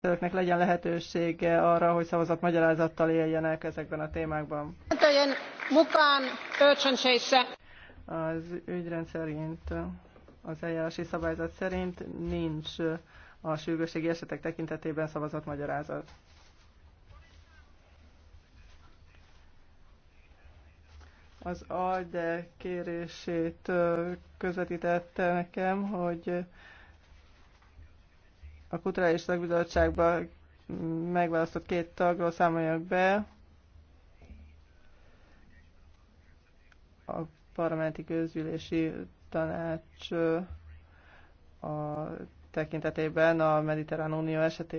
képviselőknek legyen lehetősége arra, hogy szavazat magyarázattal éljenek ezekben a témákban. Hát, az ügyrend szerint, az eljárási szabályzat szerint nincs a sürgősségi esetek tekintetében szavazat magyarázat. Az ALDE kérését közvetítette nekem, hogy a Kulturális szakbizottságban megválasztott két tagról számoljak be. A parlamenti közgyűlési tanács a tekintetében a Mediterrán Unió esetében.